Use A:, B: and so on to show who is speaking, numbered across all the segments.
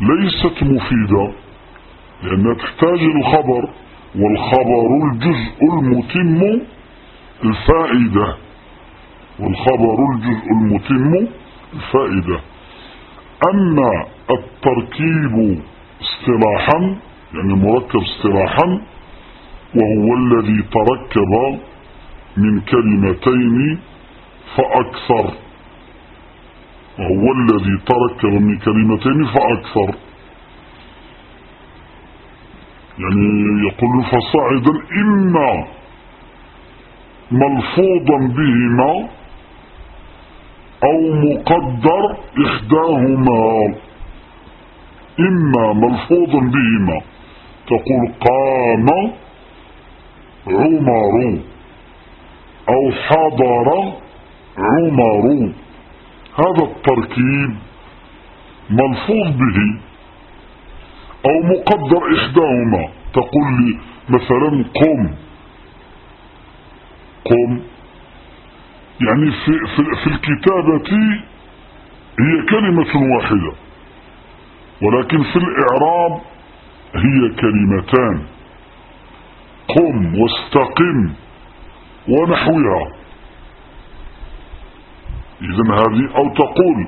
A: ليست مفيدة لأنها تحتاج الخبر والخبر الجزء المتم الفائدة والخبر الجزء المتم الفائدة أما التركيب اصطلاحا يعني المركب اصطلاحا وهو الذي تركب من كلمتين فأكثر وهو الذي ترك من كلمتين فأكثر يعني يقول فصاعدا إما ملفوظا بهما أو مقدر إحداهما إما ملفوظا بهما تقول قام عمر أو حضر عمر هذا التركيب ملفوظ به أو مقدر إحداهما تقول لي مثلا قم قم يعني في, في, في الكتابة هي كلمة واحدة ولكن في الإعراب هي كلمتان قم واستقم ونحوها إذا هذه أو تقول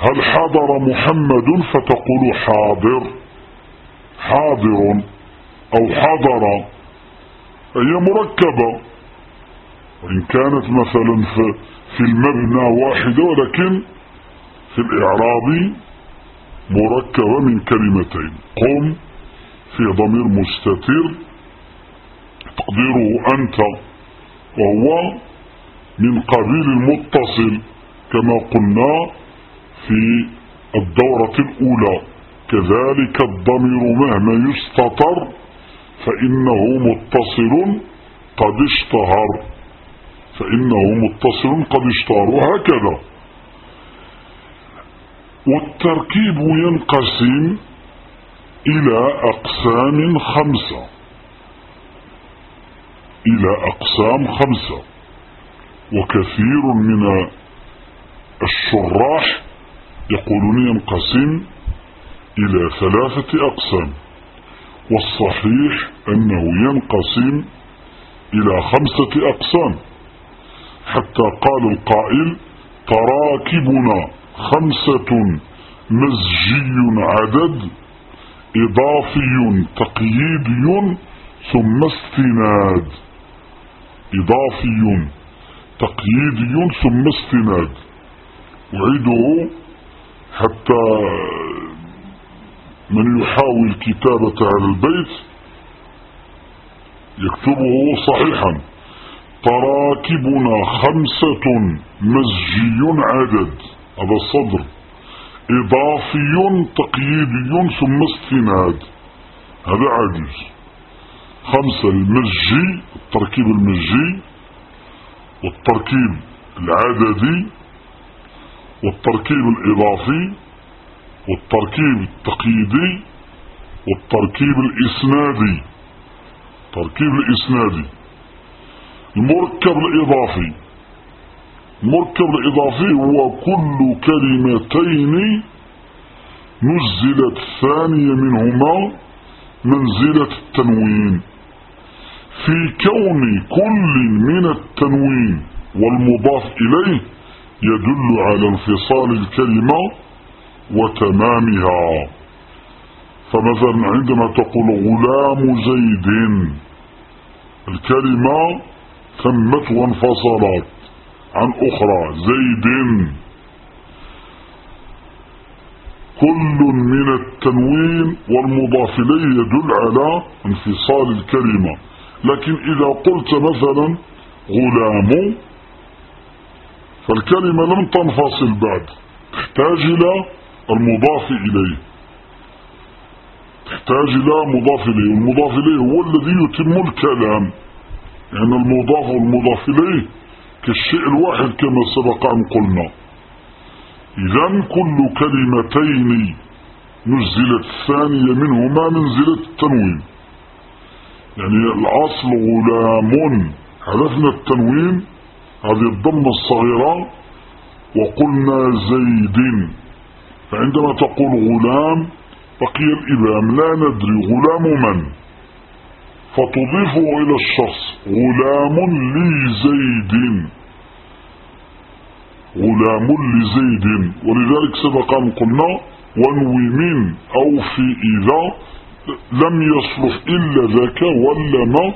A: هل حضر محمد فتقول حاضر حاضر أو حضر هي مركبة وإن كانت مثلا في المبنى واحدة ولكن في الإعراب مركبة من كلمتين قم في ضمير مستتر تقديره أنت وهو من قبيل المتصل كما قلنا في الدورة الأولى كذلك الضمير مهما يستطر فإنه متصل قد اشتهر فإنه متصل قد اشتهر وهكذا والتركيب ينقسم إلى أقسام خمسة إلى أقسام خمسة وكثير من الشراح يقولون ينقسم إلى ثلاثة أقسام والصحيح أنه ينقسم إلى خمسة أقسام حتى قال القائل تراكبنا خمسة مزجي عدد إضافي تقييدي ثم استناد إضافي تقييدي ثم استناد أعيده حتى من يحاول كتابة على البيت يكتبه صحيحا تراكبنا خمسة مزجي عدد هذا الصدر إضافي تقييدي ثم استناد هذا عاجز خمسة المزجي التركيب المزجي والتركيب العددي والتركيب الإضافي والتركيب التقييدي والتركيب الإسنادي تركيب الإسنادي المركب الإضافي المركب الإضافي هو كل كلمتين نزلت الثانية منهما منزلة التنوين في كون كل من التنوين والمضاف إليه يدل على انفصال الكلمة وتمامها فمثلا عندما تقول غلام زيد الكلمة تمت وانفصلت عن أخرى زيد كل من التنوين والمضاف إليه يدل على انفصال الكلمة لكن إذا قلت مثلا غلام فالكلمة لم تنفصل بعد تحتاج إلى المضاف إليه تحتاج إلى مضاف إليه والمضاف إليه هو الذي يتم الكلام يعني المضاف والمضاف إليه كالشيء الواحد كما سبق أن قلنا إذا كل كلمتين نزلت الثانية منهما منزلة التنوين يعني الأصل غلام حذفنا التنوين هذه الضمة الصغيرة وقلنا زيد فعندما تقول غلام بقي الإبهام لا ندري غلام من فتضيفه إلى الشخص غلام لزيد غلام لزيد ولذلك سبق أن قلنا وانوي من أو في إذا لم يصلح إلا ذاك ولما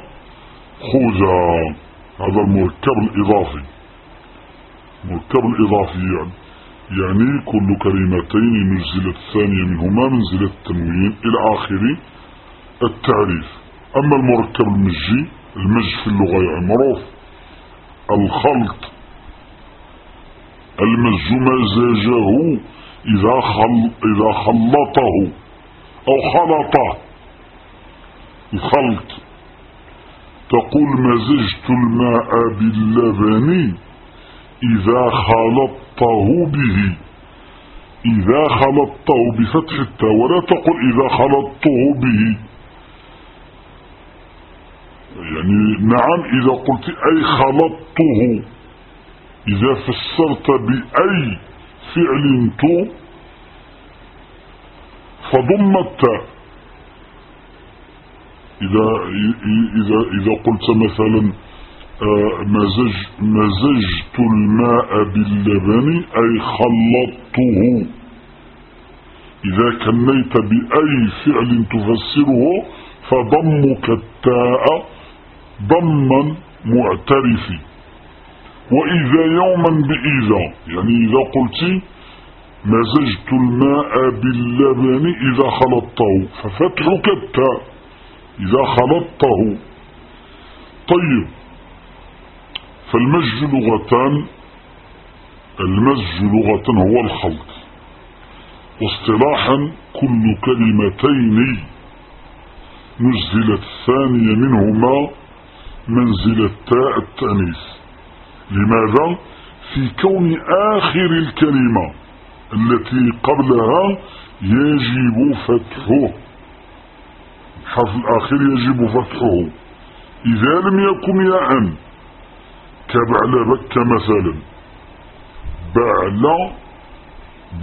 A: خذا هذا المركب الإضافي مركب الإضافي يعني يعني كل كلمتين نزل الثانية منهما منزلة التنوين إلى آخر التعريف أما المركب المجي المج في اللغة يعني معروف الخلط المج مزاجه إذا, خل إذا خلطه أو خلطه الخلط تقول مزجت الماء باللبن إذا خلطته به إذا خلطته بفتح التاء ولا تقل إذا خلطته به يعني نعم إذا قلت أي خلطته إذا فسرت بأي فعل تو فضم التاء إذا, إذا, إذا قلت مثلا آه، مزج مزجت الماء باللبن أي خلطته إذا كنيت بأي فعل تفسره فضمك التاء ضما معترفي وإذا يوما بإذا يعني إذا قلت مزجت الماء باللبن إذا خلطته ففتحك التاء إذا خلطته طيب فالمزج لغتان المزج لغة هو الخلط واصطلاحا كل كلمتين نزلت الثانية منهما منزل التاء التأنيث لماذا؟ في كون آخر الكلمة التي قبلها يجب فتحه حرف الآخر يجب فتحه إذا لم يكن ياء كبعل بك مثلا بعل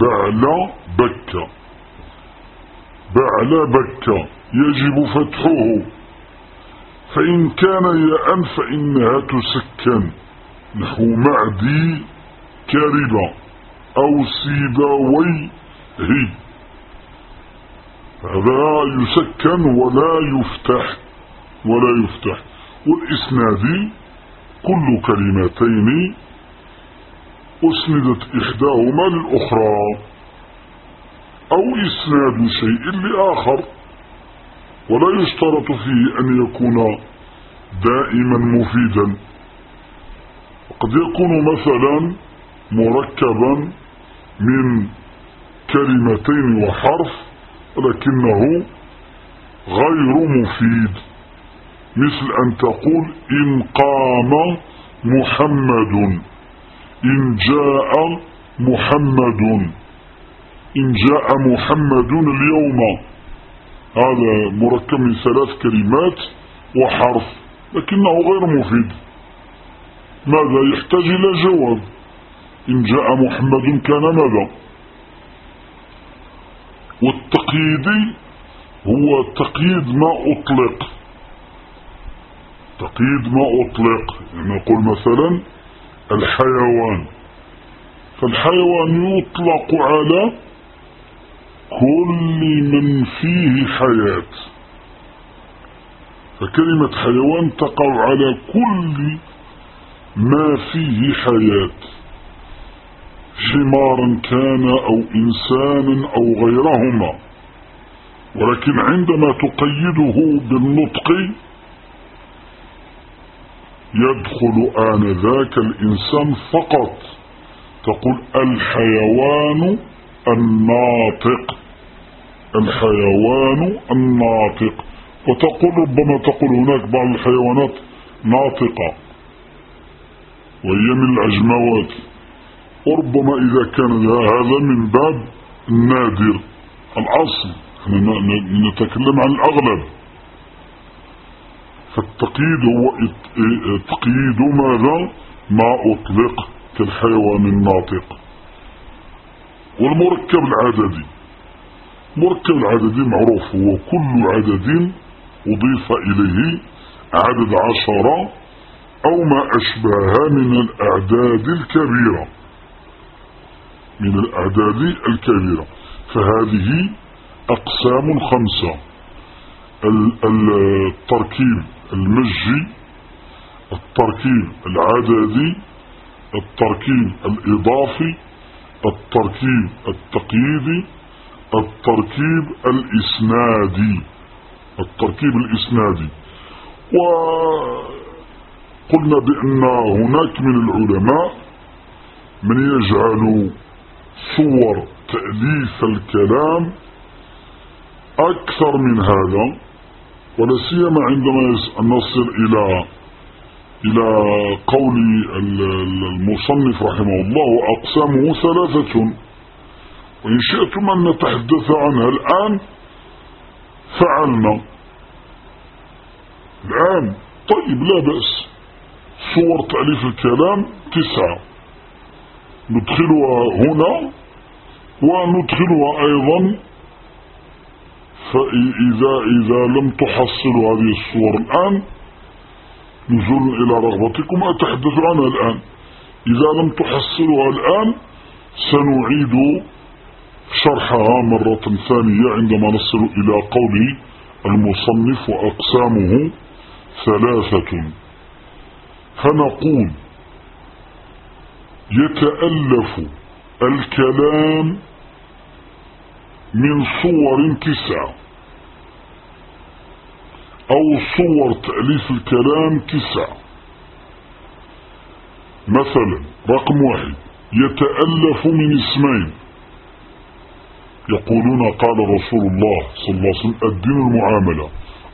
A: بعل بك بعل بك يجب فتحه فإن كان ياء فإنها تسكن نحو معدي كربا أو سيباوي هي لا يسكن ولا يفتح ولا يفتح والإسناد كل كلمتين أسندت إحداهما للأخرى أو إسناد شيء لآخر ولا يشترط فيه أن يكون دائما مفيدا قد يكون مثلا مركبا من كلمتين وحرف ولكنه غير مفيد مثل أن تقول إن قام محمد إن جاء محمد إن جاء محمد اليوم هذا مركب من ثلاث كلمات وحرف لكنه غير مفيد ماذا يحتاج إلى جواب إن جاء محمد كان ماذا والتقييدي هو تقييد ما أطلق تقييد ما أطلق يعني نقول مثلا الحيوان فالحيوان يطلق على كل من فيه حياة فكلمة حيوان تقع على كل ما فيه حياه حمارا كان أو إنسانا أو غيرهما ولكن عندما تقيده بالنطق يدخل آنذاك الإنسان فقط تقول الحيوان الناطق الحيوان الناطق وتقول ربما تقول هناك بعض الحيوانات ناطقة وهي من العجموات وربما إذا كان هذا من باب النادر الأصل نتكلم عن الأغلب فالتقييد هو تقييد ماذا ما أطلق كالحيوان الناطق والمركب العددي مركب العددي معروف هو كل عدد أضيف إليه عدد عشرة أو ما أشبهها من الأعداد الكبيرة من الأعداد الكبيرة فهذه أقسام خمسة التركيب المجي التركيب العددي التركيب الإضافي التركيب التقييدي التركيب الإسنادي التركيب الإسنادي وقلنا بأن هناك من العلماء من يجعل صور تأليف الكلام أكثر من هذا ولا سيما عندما نصل إلى إلى قول المصنف رحمه الله أقسامه ثلاثة وإن شئتم أن نتحدث عنها الآن فعلنا الآن طيب لا بأس صور تأليف الكلام تسعة ندخلها هنا وندخلها أيضا فإذا إذا لم تحصلوا هذه الصور الآن نزول إلى رغبتكم أتحدث عنها الآن إذا لم تحصلوا الآن سنعيد شرحها مرة ثانية عندما نصل إلى قول المصنف وأقسامه ثلاثة فنقول يتألف الكلام من صور تسعة أو صور تأليف الكلام تسعة مثلا رقم واحد يتألف من اسمين يقولون قال رسول الله صلى الله عليه وسلم الدين المعاملة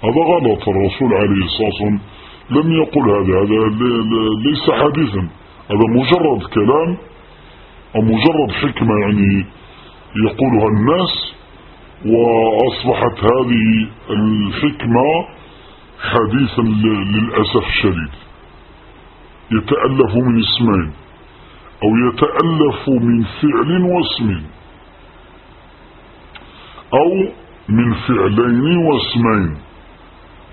A: هذا غلط الرسول عليه الصلاة والسلام لم يقل هذا هذا ليس حديثا هذا مجرد كلام أو مجرد حكمة يعني يقولها الناس وأصبحت هذه الحكمة حديثا للأسف الشديد يتألف من اسمين أو يتألف من فعل واسم أو من فعلين واسمين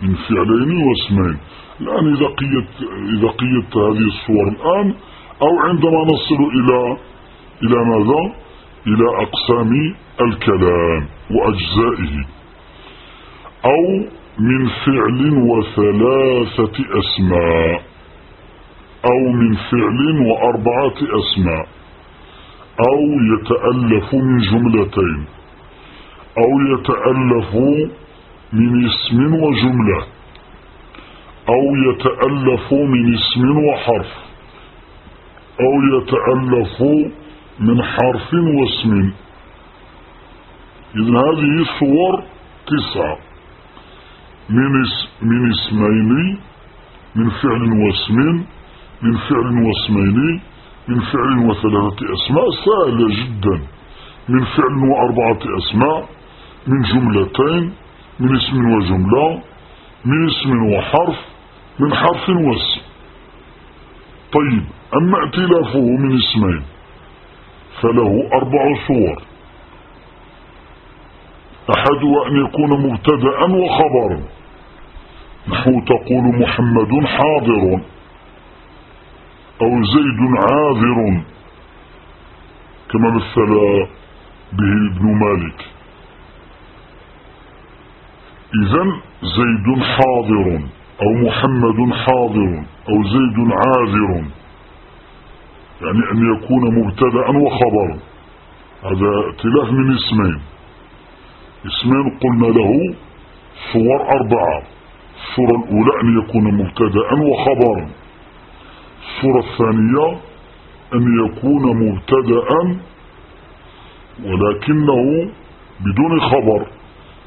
A: من فعلين واسمين الآن إذا قيت, إذا قيت هذه الصور الآن أو عندما نصل إلى إلى ماذا إلى أقسام الكلام وأجزائه أو من فعل وثلاثة أسماء أو من فعل وأربعة أسماء أو يتألف من جملتين أو يتألف من اسم وجملة أو يتألف من اسم وحرف أو يتألف من حرف واسم إذن هذه صور تسعة من اس من اسمين من فعل واسم من فعل واسمين من فعل وثلاثة أسماء سهلة جدا من فعل وأربعة أسماء من جملتين من اسم وجملة من اسم وحرف من حرف وسم طيب أما ائتلافه من اسمين فله أربع صور أحدها أن يكون مبتدا وخبرا نحو تقول محمد حاضر أو زيد عاذر كما مثل به ابن مالك إذا زيد حاضر أو محمد حاضر أو زيد عاذر يعني أن يكون مبتدا وخبرا هذا ائتلاف من اسمين اسمين قلنا له صور أربعة الصورة الأولى أن يكون مبتدا وخبرا الصورة الثانية أن يكون مبتدا ولكنه بدون خبر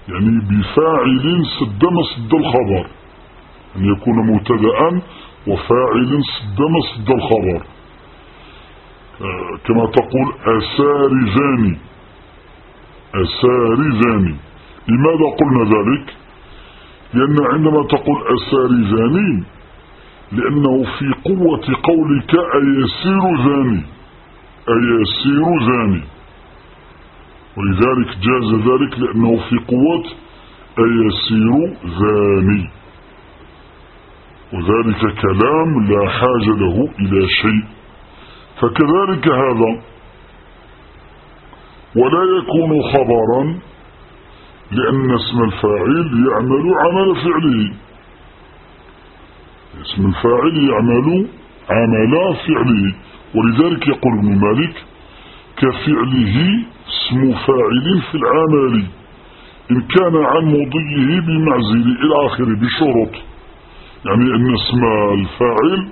A: يعني بفاعل سد مسد الخبر أن يكون مبتدأ وفاعل صدم صد الخبر آه، كما تقول أسارزاني أسارزاني لماذا قلنا ذلك لأن عندما تقول أسارزاني لأنه في قوة قولك أيسير ذاني أيسير ذاني ولذلك جاز ذلك لأنه في قوة أيسير ذاني وذلك كلام لا حاجة له إلى شيء فكذلك هذا ولا يكون خبرا لأن اسم الفاعل يعمل عمل فعله اسم الفاعل يعمل عمل فعله ولذلك يقول ابن مالك كفعله اسم فاعل في العمل إن كان عن مضيه بمعزل إلى آخره بشروط يعني أن اسم الفاعل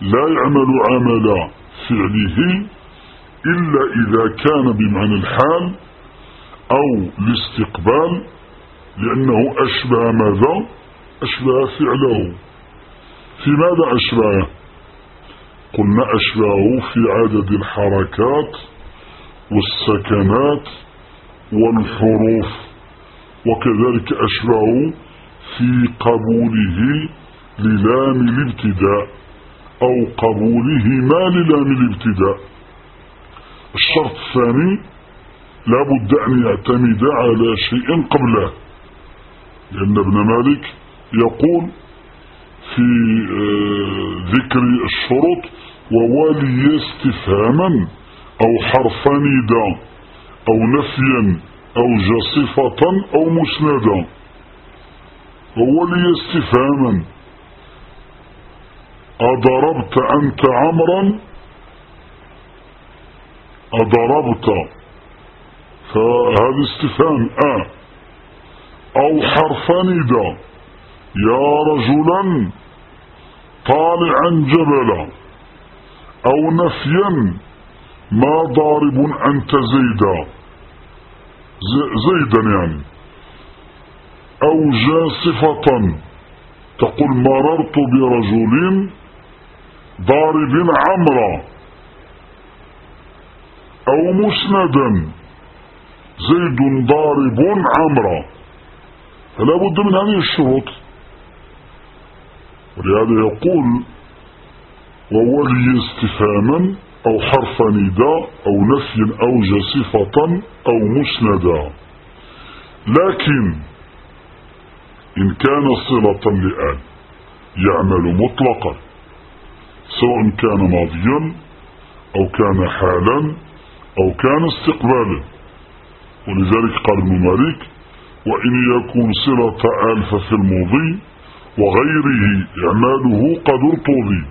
A: لا يعمل عمل فعله إلا إذا كان بمعنى الحال أو الاستقبال لأنه أشبه ماذا أشبه فعله في ماذا أشبهه قلنا أشبهه في عدد الحركات والسكنات والحروف وكذلك أشبهه في قبوله للام الابتداء أو قبولهما للام الابتداء الشرط الثاني لابد أن يعتمد على شيء قبله لأن ابن مالك يقول في آه، ذكر الشروط وولي استفهاما أو حرف نداء أو نفيا أو جصفة أو مسندا وولي استفهاما أضربت أنت عمرا أضربت فهذا استفهام آه أو حرف ندا يا رجلا طالعا جبلا أو نفيا ما ضارب أنت زيدا زيدا يعني أو جاسفة تقول مررت برجل ضارب عمرا أو مسندا زيد ضارب عمرا فلا بد من هذه الشروط ولهذا يقول وولي استفهاما أو حرف نداء أو نفي أو صفة أو مسندا لكن إن كان صلة لآل يعمل مطلقا سواء كان ماضيا أو كان حالا أو كان استقبالا ولذلك قال ابن مالك وإن يكون صلة ألف في الماضي وغيره إعماله قد ارتضي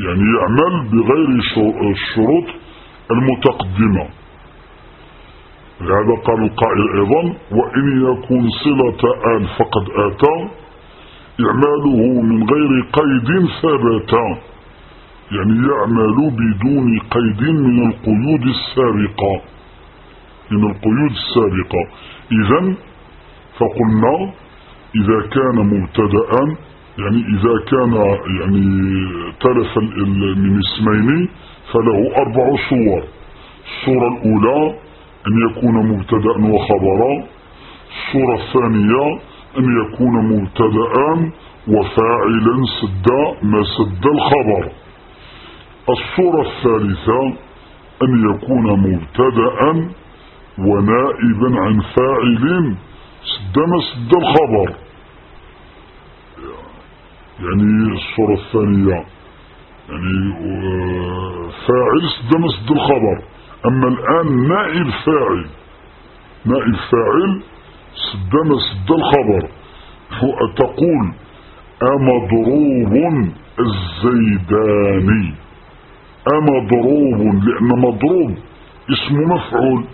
A: يعني يعمل بغير الشروط المتقدمة لهذا قال القائل أيضا وإن يكون صلة آل فقد آتى إعماله من غير قيد ثبتا يعني يعمل بدون قيد من القيود السابقة من القيود السابقة إذا فقلنا إذا كان مبتدأ يعني إذا كان يعني تلف من اسمين فله أربع صور الصورة الأولى أن يكون مبتدأ وخبرا الصورة الثانية أن يكون مبتدأ وفاعلا سد ما سد الخبر الصورة الثالثة أن يكون مبتدا ونائبا عن فاعل سدما سد الخبر يعني الصورة الثانية يعني آه، فاعل سدما سد الخبر أما الآن نائب فاعل نائب فاعل سدما سد الخبر تقول أمضروب الزيداني مضروب لأن مضروب اسم مفعول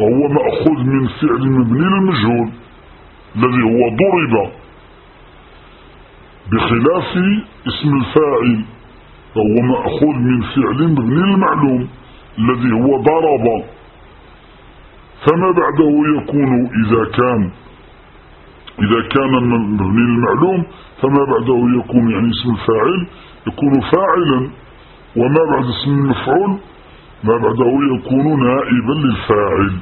A: وهو مأخوذ من فعل مبني للمجهول الذي هو ضرب بخلاف اسم الفاعل وهو مأخوذ من فعل مبني للمعلوم الذي هو ضرب فما بعده يكون إذا كان إذا كان مبني للمعلوم فما بعده يكون يعني اسم الفاعل يكون فاعلا وما بعد اسم المفعول ما بعده يكون نائبا للفاعل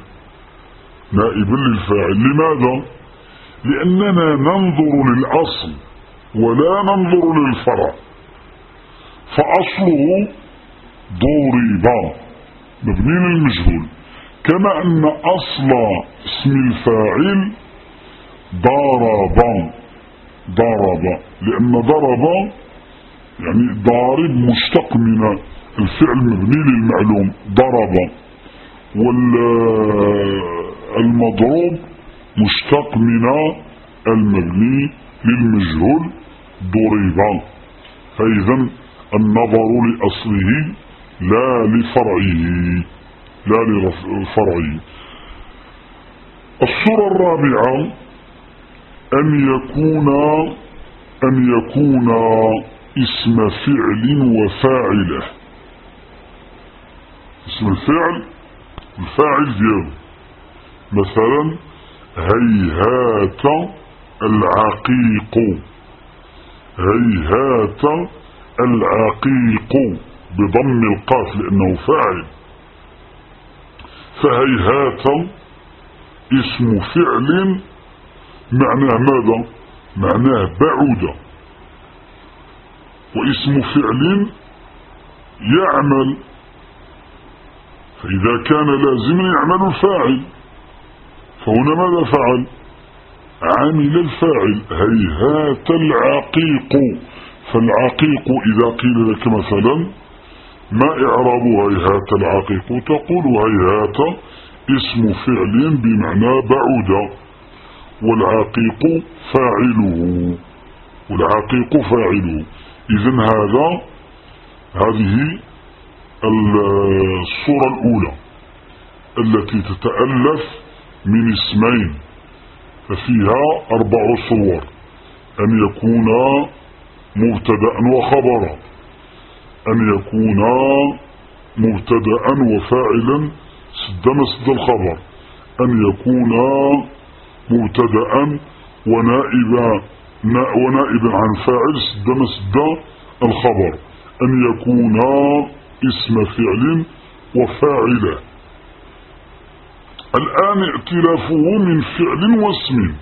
A: نائبا للفاعل لماذا لأننا ننظر للأصل ولا ننظر للفرع فأصله ضرب مبني للمجهول كما أن أصل اسم الفاعل ضرب ضرب لأن ضرب يعني ضارب مشتق من الفعل المبني للمعلوم ضرب والمضروب مشتق من المبني للمجهول ضرب فإذا النظر لأصله لا لفرعه لا لفرعه الصورة الرابعة أن يكون أن يكون اسم فعل وفاعله اسم الفعل الفاعل ديالو مثلا هيهات العقيق هيهات العقيق بضم القاف لأنه فاعل فهيهات اسم فعل معناه ماذا معناه بعوده واسم فعل يعمل فإذا كان لازم يعمل الفاعل فهنا ماذا فعل عمل الفاعل هيهات العقيق فالعقيق إذا قيل لك مثلا ما إعراب هيهات العقيق تقول هيهات اسم فعل بمعنى بعد والعقيق فاعله والعقيق فاعله إذا هذا هذه الصورة الأولى التي تتألف من اسمين ففيها أربع صور أن يكون مبتدأ وخبرا أن يكون مبتدأ وفاعلا سد مسد الخبر أن يكون مبتدأ ونائبا ونائب عن فاعل دمس دا الخبر أن يكون اسم فعل وفاعله الآن ائتلافه من فعل واسم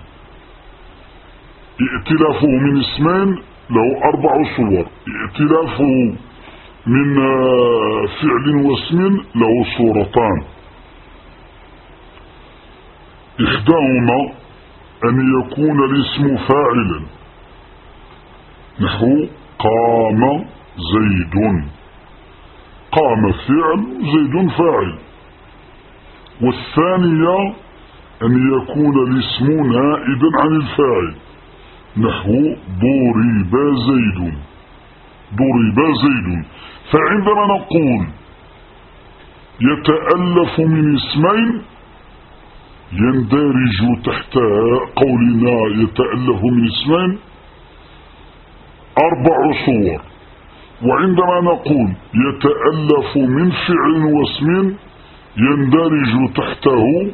A: ائتلافه من اسمين له أربع صور ائتلافه من فعل واسم له صورتان إحداهما أن يكون الاسم فاعلا نحو قام زيد قام فعل زيد فاعل والثانية أن يكون الاسم نائبا عن الفاعل نحو ضرب زيد ضرب زيد فعندما نقول يتألف من اسمين يندرج تحت قولنا يتأله من اسمين أربع صور وعندما نقول يتألف من فعل واسم يندرج تحته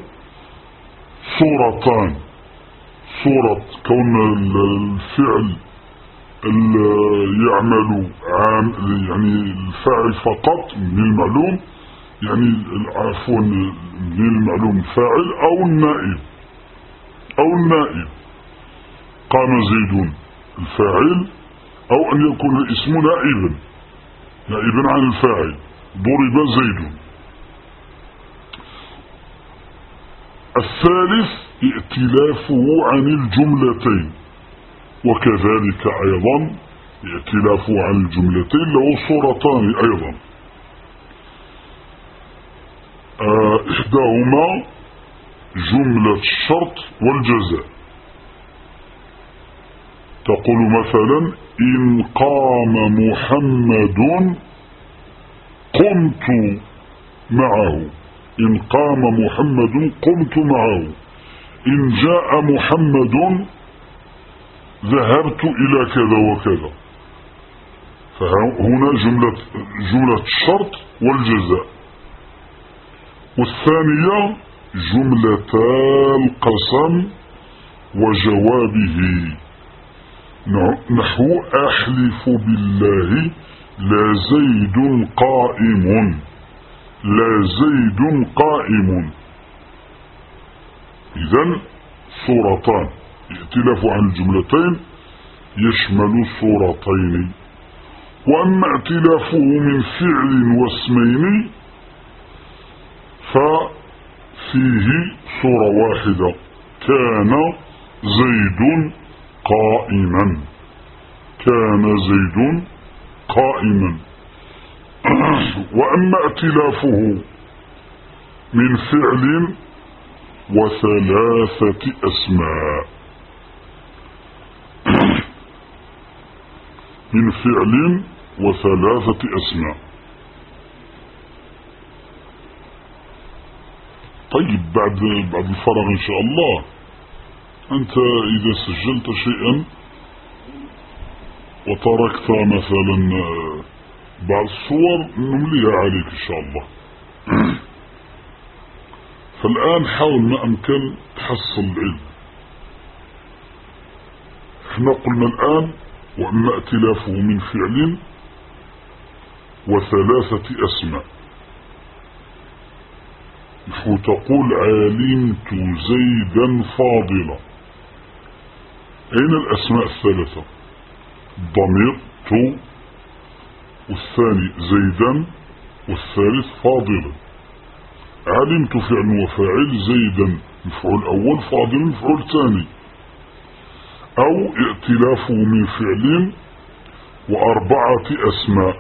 A: صورتان صورة كون الفعل يعمل عام يعني الفاعل فقط من المعلوم يعني عفوا ضمير المعلوم الفاعل أو النائب أو النائب قام زيد الفاعل أو أن يكون الاسم نائبا نائبا عن الفاعل ضرب زيد الثالث ائتلافه عن الجملتين وكذلك أيضا ائتلافه عن الجملتين له صورتان أيضا آه، إحداهما جملة الشرط والجزاء تقول مثلا إن قام محمد قمت معه إن قام محمد قمت معه إن جاء محمد ذهبت إلى كذا وكذا فهنا جملة, جملة الشرط والجزاء والثانية جملتا القسم وجوابه نحو أحلف بالله لا زيد قائم لا زيد قائم إذا صورتان ائتلاف عن الجملتين يشمل صورتين وأما ائتلافه من فعل واسمين ففيه صورة واحدة كان زيد قائما كان زيد قائما وأما ائتلافه من فعل وثلاثة أسماء من فعل وثلاثة أسماء طيب بعد بعد الفراغ إن شاء الله أنت إذا سجلت شيئا وتركت مثلا آه، بعض الصور نمليها عليك إن شاء الله فالآن حاول ما أمكن تحصل العلم احنا قلنا الآن وأما ائتلافه من فعل وثلاثة أسماء وتقول علمت زيدا فاضلا أين الأسماء الثلاثة ضمير تو والثاني زيدا والثالث فاضلا علمت فعل وفاعل زيدا مفعول أول فاضل مفعول ثاني أو ائتلافه من فعل وأربعة أسماء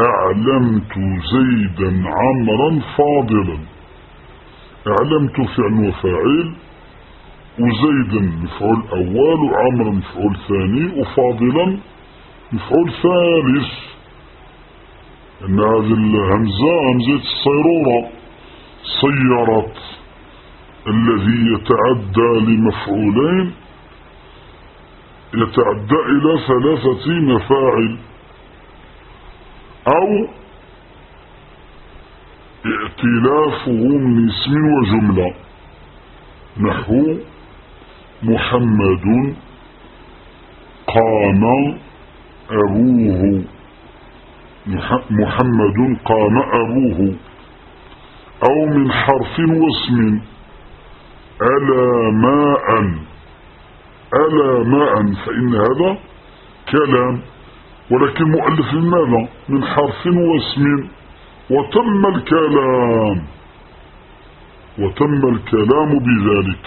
A: أعلمت زيدا عمرا فاضلا علمت فعل وفاعل وزيدا مفعول أول وعمرا مفعول ثاني وفاضلا مفعول ثالث أن هذه الهمزة همزة الصيرورة صيرت الذي يتعدى لمفعولين يتعدى إلى ثلاثة مفاعل أو ائتلافهم من اسم وجملة نحو محمد قام أبوه محمد قام أبوه أو من حرف واسم ألا ماء ألا ماء فإن هذا كلام ولكن مؤلف من ماذا من حرف واسم وتم الكلام وتم الكلام بذلك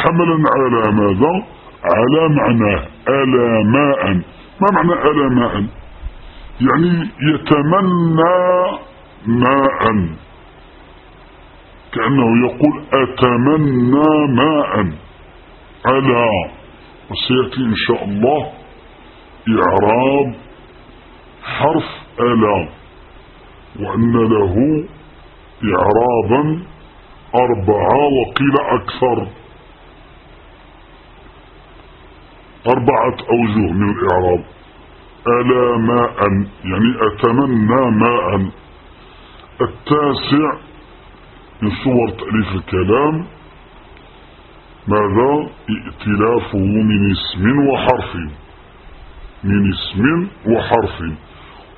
A: حملا على ماذا على معناه ألا ماء ما معنى ألا ماء يعني يتمنى ماء كأنه يقول أتمنى ماء ألا وسيأتي إن شاء الله إعراب حرف ألا وأن له إعرابا أربعة وقيل أكثر أربعة أوجه من الإعراب ألا ماء يعني أتمنى ماء التاسع من صور تأليف الكلام ماذا ائتلافه من اسم وحرف من اسم وحرف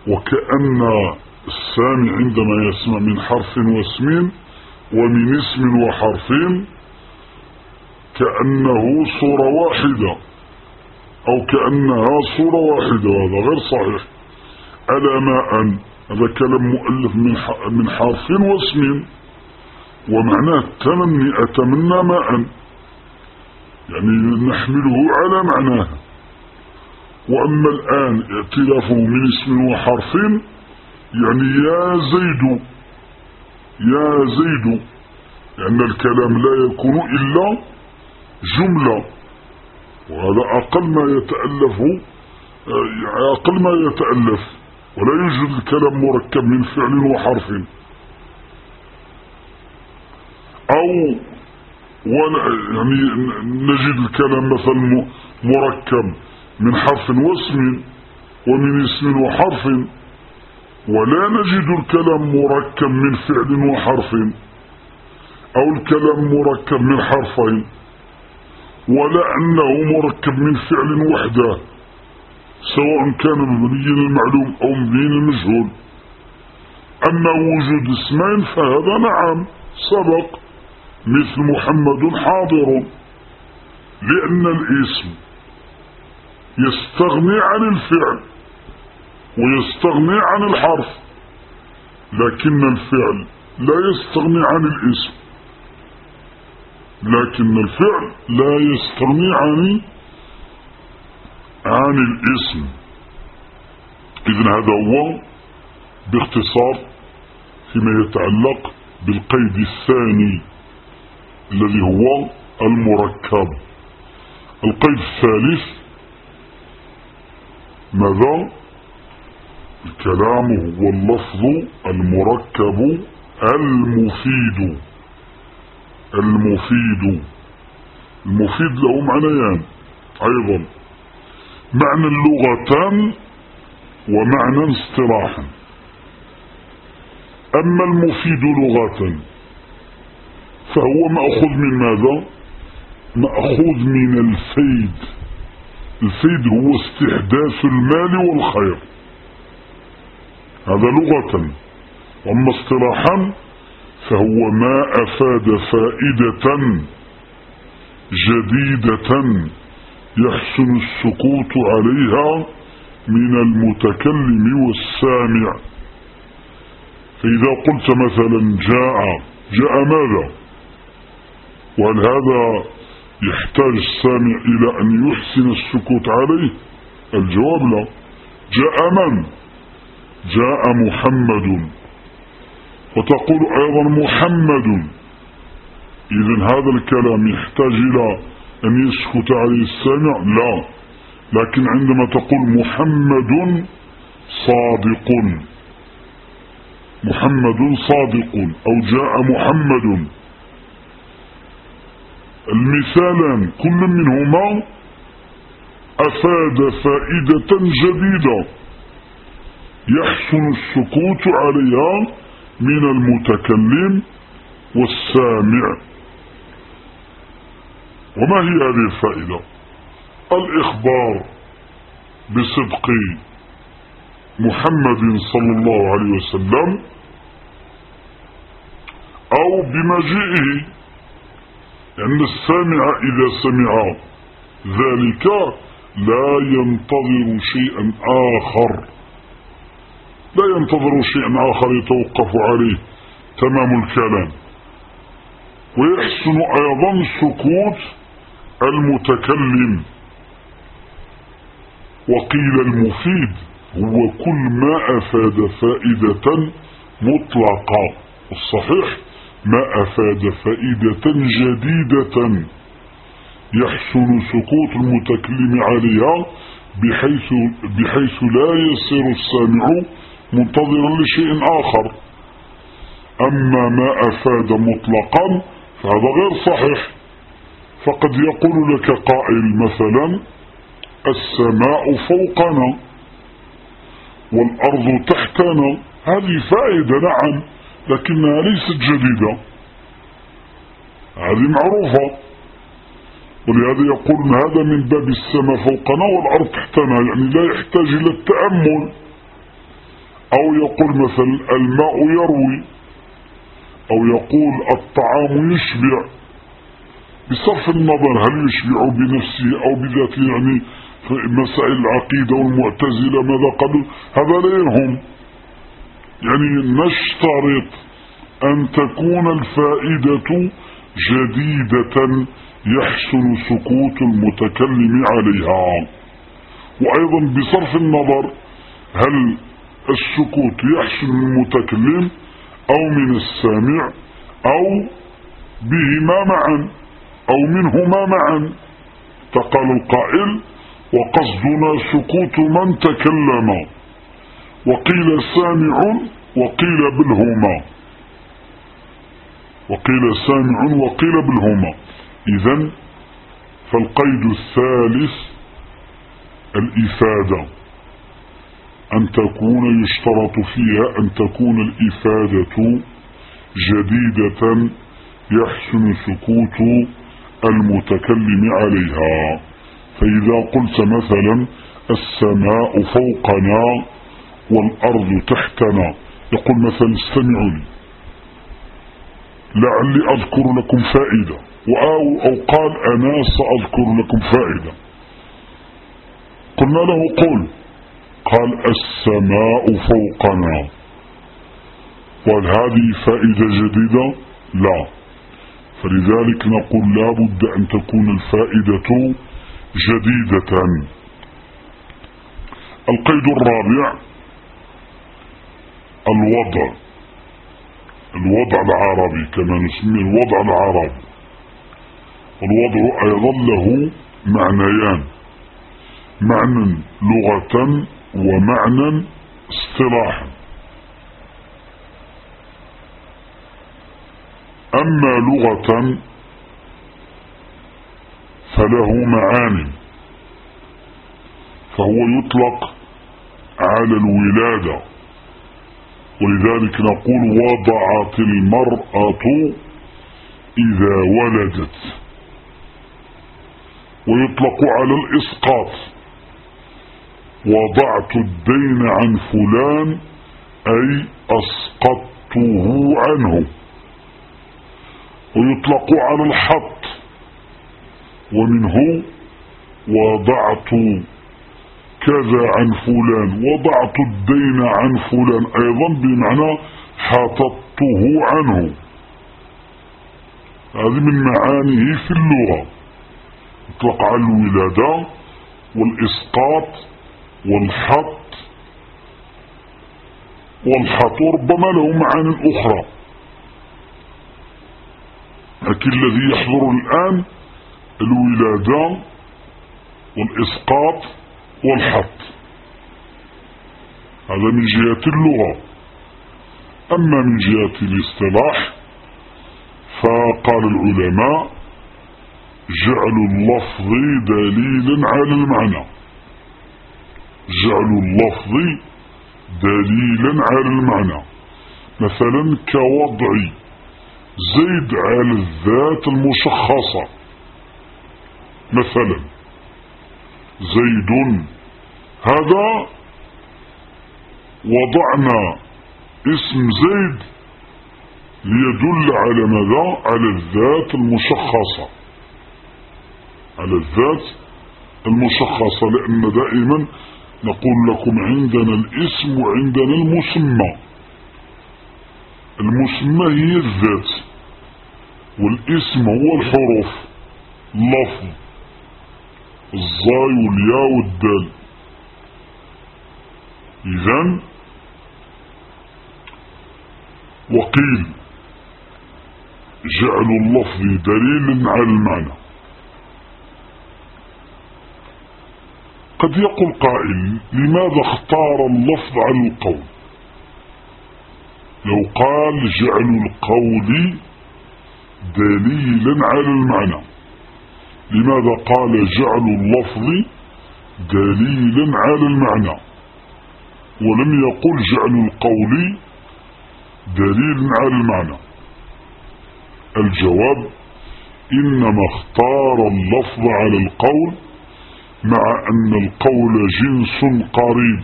A: وكأن السامع عندما يسمع من حرف واسم ومن اسم وحرفين كأنه صورة واحدة أو كأنها صورة واحدة هذا غير صحيح ألا ماء هذا كلام مؤلف من من حرف واسم ومعناه تمني أتمنى ماء يعني نحمله على معناه وأما الآن ائتلافه من اسم وحرف يعني يا زيد يا زيد لأن الكلام لا يكون إلا جملة وهذا أقل ما يتألف آه، أقل ما يتألف ولا يوجد الكلام مركب من فعل وحرف أو يعني نجد الكلام مثلا مركب من حرف واسم ومن اسم وحرف ولا نجد الكلام مركب من فعل وحرف أو الكلام مركب من حرفين ولا أنه مركب من فعل وحده سواء كان مبني المعلوم أو مبني المجهول أما وجود اسمين فهذا نعم سبق مثل محمد حاضر لأن الاسم يستغني عن الفعل ويستغني عن الحرف لكن الفعل لا يستغني عن الاسم لكن الفعل لا يستغني عن عن الاسم إذن هذا هو باختصار فيما يتعلق بالقيد الثاني الذي هو المركب القيد الثالث ماذا الكلام هو اللفظ المركب المفيد المفيد المفيد له معنيان أيضا معنى اللغه ومعنى اصطلاحا أما المفيد لغة فهو مأخوذ من ماذا مأخوذ من الفيد الفيد هو استحداث المال والخير هذا لغة أما اصطلاحا فهو ما أفاد فائدة جديدة يحسن السكوت عليها من المتكلم والسامع فإذا قلت مثلا جاء جاء ماذا وهل هذا يحتاج السامع إلى أن يحسن السكوت عليه الجواب لا جاء من جاء محمد وتقول أيضا محمد إذا هذا الكلام يحتاج إلى أن يسكت عليه السامع لا لكن عندما تقول محمد صادق محمد صادق أو جاء محمد المثالان كل منهما أفاد فائدة جديدة يحسن السكوت عليها من المتكلم والسامع وما هي هذه الفائدة الإخبار بصدق محمد صلى الله عليه وسلم أو بمجيئه لأن يعني السامع إذا سمع ذلك لا ينتظر شيئا آخر لا ينتظروا شيئا آخر يتوقف عليه تمام الكلام ويحسن أيضا سكوت المتكلم وقيل المفيد هو كل ما أفاد فائدة مطلقة الصحيح ما أفاد فائدة جديدة يحسن سكوت المتكلم عليها بحيث, بحيث لا يصير السامع منتظر لشيء آخر أما ما أفاد مطلقا فهذا غير صحيح فقد يقول لك قائل مثلا السماء فوقنا والأرض تحتنا هذه فائدة نعم لكنها ليست جديدة هذه معروفة ولهذا يقول هذا من باب السماء فوقنا والأرض تحتنا يعني لا يحتاج إلى التأمل أو يقول مثل الماء يروي أو يقول الطعام يشبع بصرف النظر هل يشبع بنفسه أو بذاته يعني في مسائل العقيدة والمعتزلة ماذا قالوا هذا لا يهم يعني نشترط أن تكون الفائدة جديدة يحسن سكوت المتكلم عليها وأيضا بصرف النظر هل السكوت يحصل من المتكلم أو من السامع أو بهما معا أو منهما معا فقال القائل وقصدنا سكوت من تكلم وقيل سامع وقيل بالهما وقيل سامع وقيل بالهما إذا فالقيد الثالث الإفادة أن تكون يشترط فيها أن تكون الإفادة جديدة يحسن سكوت المتكلم عليها فإذا قلت مثلا السماء فوقنا والأرض تحتنا يقول مثلا استمعوا لي لعلي أذكر لكم فائدة أو, أو قال أنا سأذكر لكم فائدة قلنا له قل قال السماء فوقنا قال هذه فائدة جديدة لا فلذلك نقول لا بد أن تكون الفائدة جديدة القيد الرابع الوضع الوضع العربي كما نسميه الوضع العربي الوضع أيضا له معنيان معنى لغة ومعنى اصطلاحا أما لغة فله معاني فهو يطلق على الولادة ولذلك نقول وضعت المرأة إذا ولدت ويطلق على الإسقاط وضعت الدين عن فلان أي أسقطته عنه ويطلق على الحط ومنه وضعت كذا عن فلان وضعت الدين عن فلان أيضا بمعنى حططته عنه هذه من معانيه في اللغة يطلق على الولادة والإسقاط والحط والحط ربما له معاني أخرى لكن الذي يحضر الآن الولادة والإسقاط والحط هذا من جهة اللغة أما من جهة الاصطلاح فقال العلماء جعل اللفظ دليلا على المعنى جعل اللفظ دليلا على المعنى مثلا كوضع زيد على الذات المشخصة مثلا زيد هذا وضعنا اسم زيد ليدل على ماذا على الذات المشخصة على الذات المشخصة لأن دائما نقول لكم عندنا الاسم وعندنا المسمى المسمى هي الذات والاسم هو الحروف اللفظ الزاي والياء والدال إذا وقيل جعل اللفظ دليلا على المعنى قد يقول قائل لماذا اختار اللفظ عن القول لو قال جعل القول دليلا على المعنى لماذا قال جعل اللفظ دليلا على المعنى ولم يقل جعل القول دليلا على المعنى الجواب إنما اختار اللفظ على القول مع أن القول جنس قريب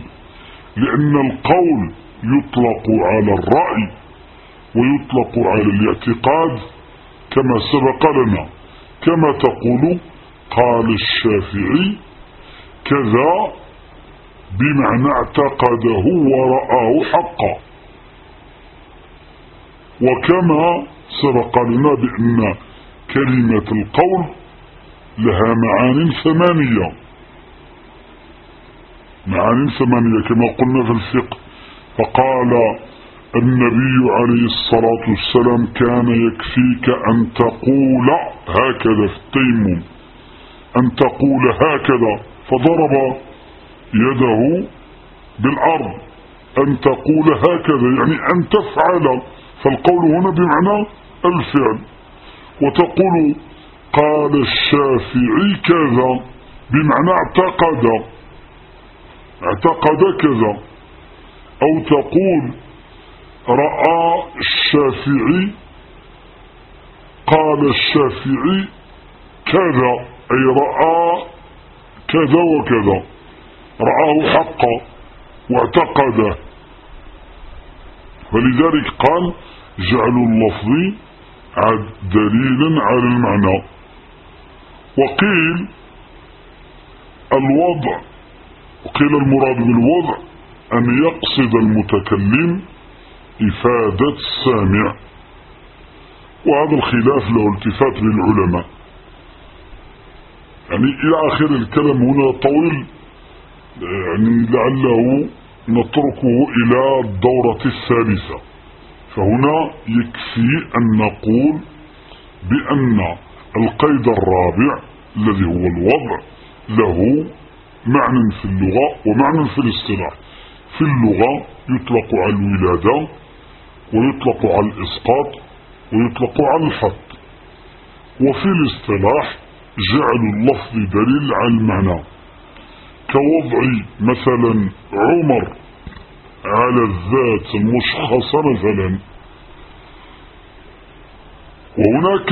A: لأن القول يطلق على الرأي ويطلق على الاعتقاد كما سبق لنا كما تقول قال الشافعي كذا بمعنى اعتقده ورآه حقا وكما سبق لنا بأن كلمة القول لها معان ثمانية معاني ثمانية كما قلنا في الفقه فقال النبي عليه الصلاة والسلام كان يكفيك أن تقول هكذا في التيمم أن تقول هكذا فضرب يده بالأرض أن تقول هكذا يعني أن تفعل فالقول هنا بمعنى الفعل وتقول قال الشافعي كذا بمعنى اعتقد اعتقد كذا أو تقول رأى الشافعي قال الشافعي كذا أي رأى كذا وكذا رآه حقا واعتقده فلذلك قال جعل اللفظ دليلا على المعنى وقيل الوضع وقيل المراد بالوضع أن يقصد المتكلم إفادة السامع وهذا الخلاف له التفات للعلماء يعني إلى آخر الكلام هنا طويل يعني لعله نتركه إلى الدورة الثالثة فهنا يكفي أن نقول بأن القيد الرابع الذي هو الوضع له معنى في اللغة ومعنى في الاصطلاح في اللغة يطلق على الولادة ويطلق على الإسقاط ويطلق على الحط وفي الاصطلاح جعل اللفظ دليل على المعنى كوضع مثلا عمر على الذات المشخصة مثلا وهناك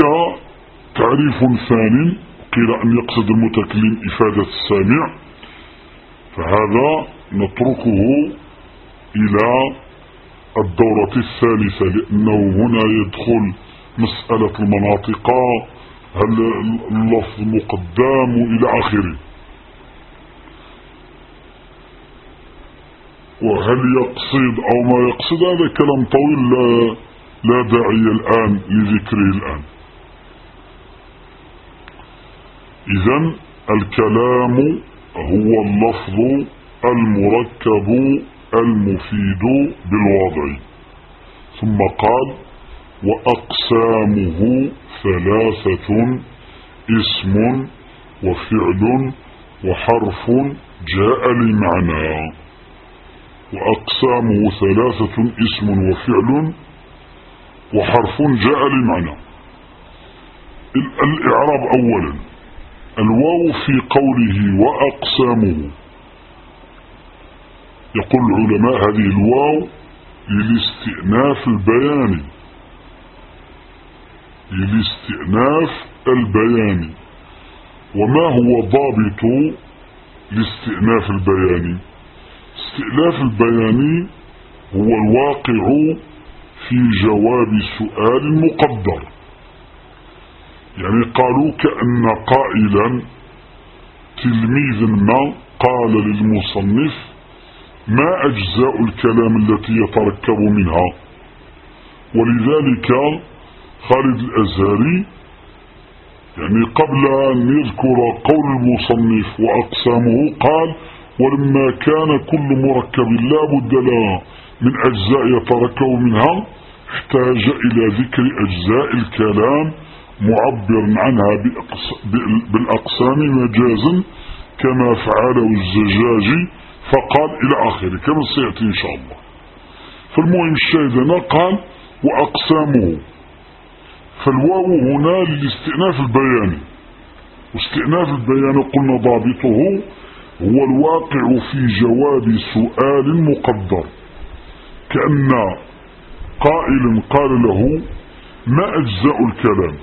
A: تعريف ثاني قيل أن يقصد المتكلم إفادة السامع فهذا نتركه إلى الدورة الثالثة لأنه هنا يدخل مسألة المناطق هل اللفظ مقدام إلى آخره وهل يقصد أو ما يقصد هذا كلام طويل لا, لا داعي الآن لذكره الآن إذا الكلام هو اللفظ المركب المفيد بالوضع ثم قال وأقسامه ثلاثة اسم وفعل وحرف جاء لمعنى وأقسامه ثلاثة اسم وفعل وحرف جاء لمعنى الإعراب أولا الواو في قوله وأقسامه يقول العلماء هذه الواو للاستئناف البياني للاستئناف البياني وما هو ضابط الاستئناف البياني استئناف البياني هو الواقع في جواب سؤال مقدر يعني قالوا كأن قائلا تلميذ ما قال للمصنف ما أجزاء الكلام التي يتركب منها ولذلك خالد الأزهري يعني قبل أن يذكر قول المصنف وأقسامه قال ولما كان كل مركب لا بد له من أجزاء يتركب منها احتاج إلى ذكر أجزاء الكلام معبر عنها بالأقسام مجازا كما فعله الزجاجي فقال إلى آخره كما سيأتي إن شاء الله فالمهم الشاهد هنا قال وأقسامه فالواو هنا للاستئناف البياني واستئناف البيان قلنا ضابطه هو الواقع في جواب سؤال مقدر كأن قائل قال له ما أجزاء الكلام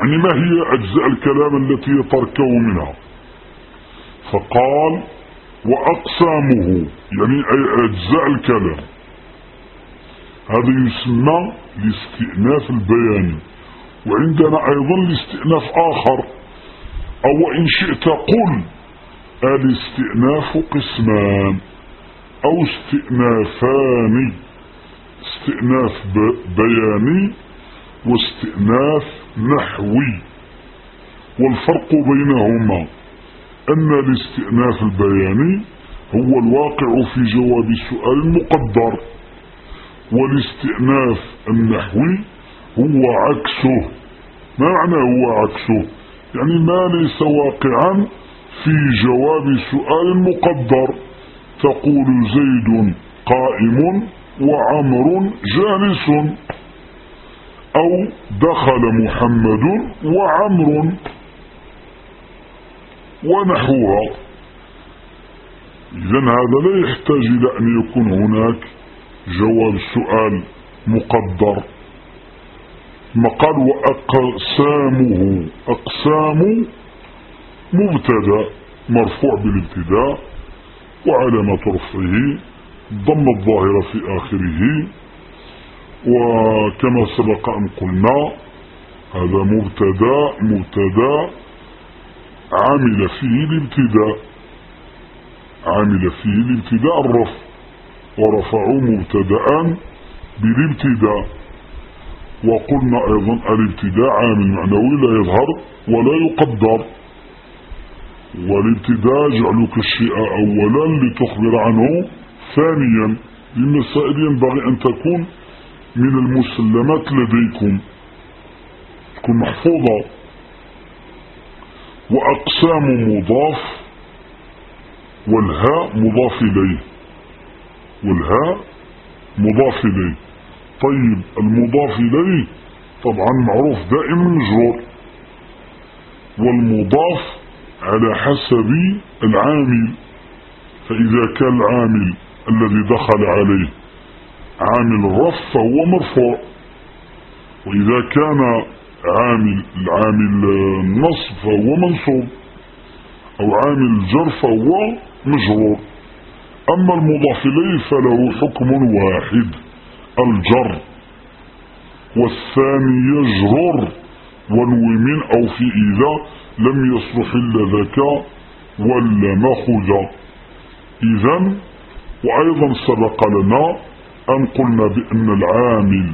A: يعني ما هي أجزاء الكلام التي تركه منها فقال وأقسامه يعني أي أجزاء الكلام هذا يسمى الاستئناف البياني وعندنا أيضا الاستئناف آخر أو إن شئت قل الاستئناف قسمان أو استئنافان استئناف بياني واستئناف نحوي والفرق بينهما أن الاستئناف البياني هو الواقع في جواب السؤال المقدر والاستئناف النحوي هو عكسه ما معنى هو عكسه يعني ما ليس واقعا في جواب سؤال مقدر تقول زيد قائم وعمر جالس أو دخل محمد وعمر ونحوها إذا هذا لا يحتاج إلى أن يكون هناك جواب سؤال مقدر ما قال وأقسامه أقسام مبتدا مرفوع بالابتداء وعلامة رفعه ضم الظاهرة في آخره وكما سبق أن قلنا هذا مبتدا مبتدا عمل فيه الابتداء عمل فيه الابتداء الرفع ورفعوا مبتدا بالابتداء وقلنا أيضا الابتداء عامل معنوي لا يظهر ولا يقدر والابتداء جعلك الشيء أولا لتخبر عنه ثانيا للمسائل ينبغي أن تكون من المسلمات لديكم تكون محفوظة وأقسام مضاف والهاء مضاف إليه والهاء مضاف إليه طيب المضاف إليه طبعا معروف دائما مجرور والمضاف على حسب العامل فإذا كان العامل الذي دخل عليه عامل الرف فهو مرفوع وإذا كان عامل العامل النصب فهو منصوب أو عامل الجر فهو مجرور أما المضاف إليه فله حكم واحد الجر والثاني يجرر ونوي من أو في إذا لم يصلح إلا ذاك ولا مخذ إذا وأيضا سبق لنا أن قلنا بأن العامل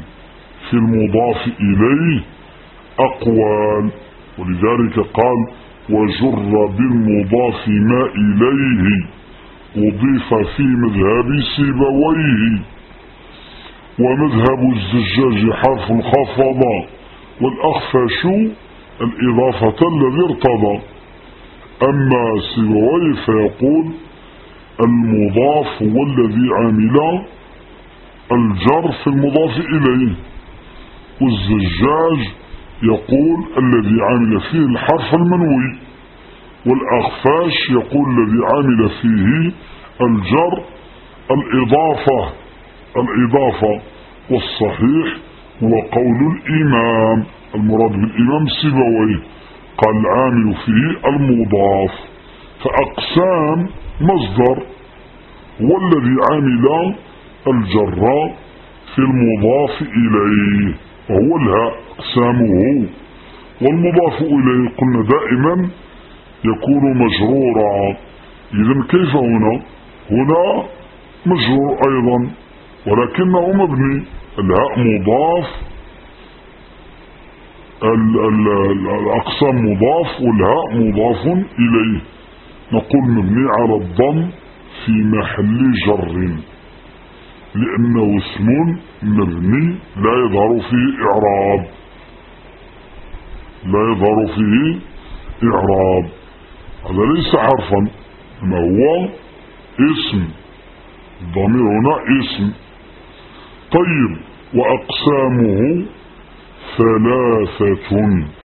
A: في المضاف إليه أقوال ولذلك قال وجر بالمضاف ما إليه أضيف في مذهب سيبويه ومذهب الزجاج حرف خفض والأخفش الإضافة الذي ارتضى أما سيبويه فيقول المضاف والذي عمل الجر في المضاف إليه والزجاج يقول الذي عمل فيه الحرف المنوي والأخفاش يقول الذي عمل فيه الجر الإضافة الإضافة والصحيح هو قول الإمام المراد بالإمام سبوي قال العامل فيه المضاف فأقسام مصدر والذي عمل الجراء في المضاف إليه وهو الهاء أقسامه والمضاف إليه قلنا دائما يكون مجرورا إذا كيف هنا هنا مجرور أيضا ولكنه مبني الهاء مضاف الأقسام مضاف والهاء مضاف إليه نقول مبني على الضم في محل جر لأنه اسم مبني لا يظهر فيه إعراب لا يظهر فيه إعراب هذا ليس حرفا ما هو اسم ضمير هنا اسم طيب وأقسامه ثلاثة